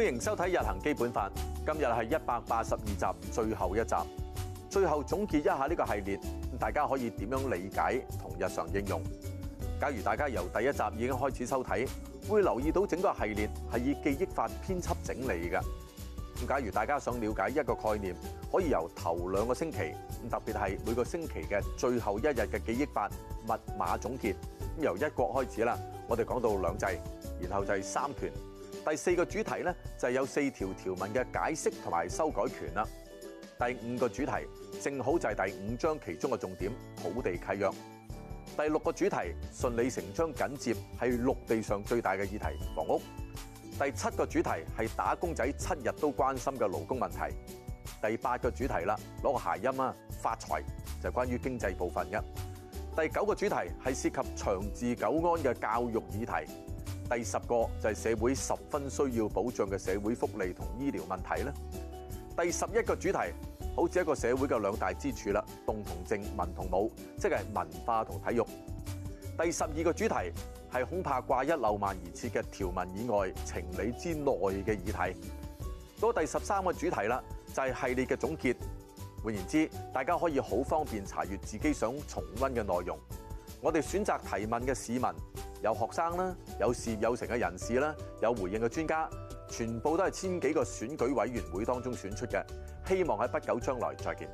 歡迎收睇《日行基本法》，今是182，今日係一百八十二集最後一集，最後總結一下呢個系列，大家可以點樣理解同日常應用？假如大家由第一集已經開始收睇，會留意到整個系列係以記憶法編輯整理嘅。假如大家想了解一個概念，可以由頭兩個星期，特別係每個星期嘅最後一日嘅記憶法密碼總結。由一國開始啦，我哋講到兩制，然後就係三權。第四個主題呢，就有四條條文嘅解釋同埋修改權啦。第五個主題正好就係第五章其中嘅重點，土地契約。第六個主題順理成章緊接係陸地上最大嘅議題，房屋。第七個主題係打工仔七日都關心嘅勞工問題。第八個主題啦，攞個諧音啊，發財就係關於經濟部分嘅。第九個主題係涉及長治久安嘅教育議題。第十個就係社會十分需要保障嘅社會福利同醫療問題咧。第十一個主題，好似一個社會嘅兩大支柱啦，動同靜，文同武，即係文化同體育。第十二個主題係恐怕掛一漏萬而設嘅條文以外情理之內嘅議題。到第十三個主題啦，就係系列嘅總結。換言之，大家可以好方便查閱自己想重溫嘅內容。我哋選擇提問嘅市民。有學生啦，有事業有成嘅人士啦，有回應嘅專家，全部都係千幾個選舉委員會當中選出嘅。希望喺不久將來再見。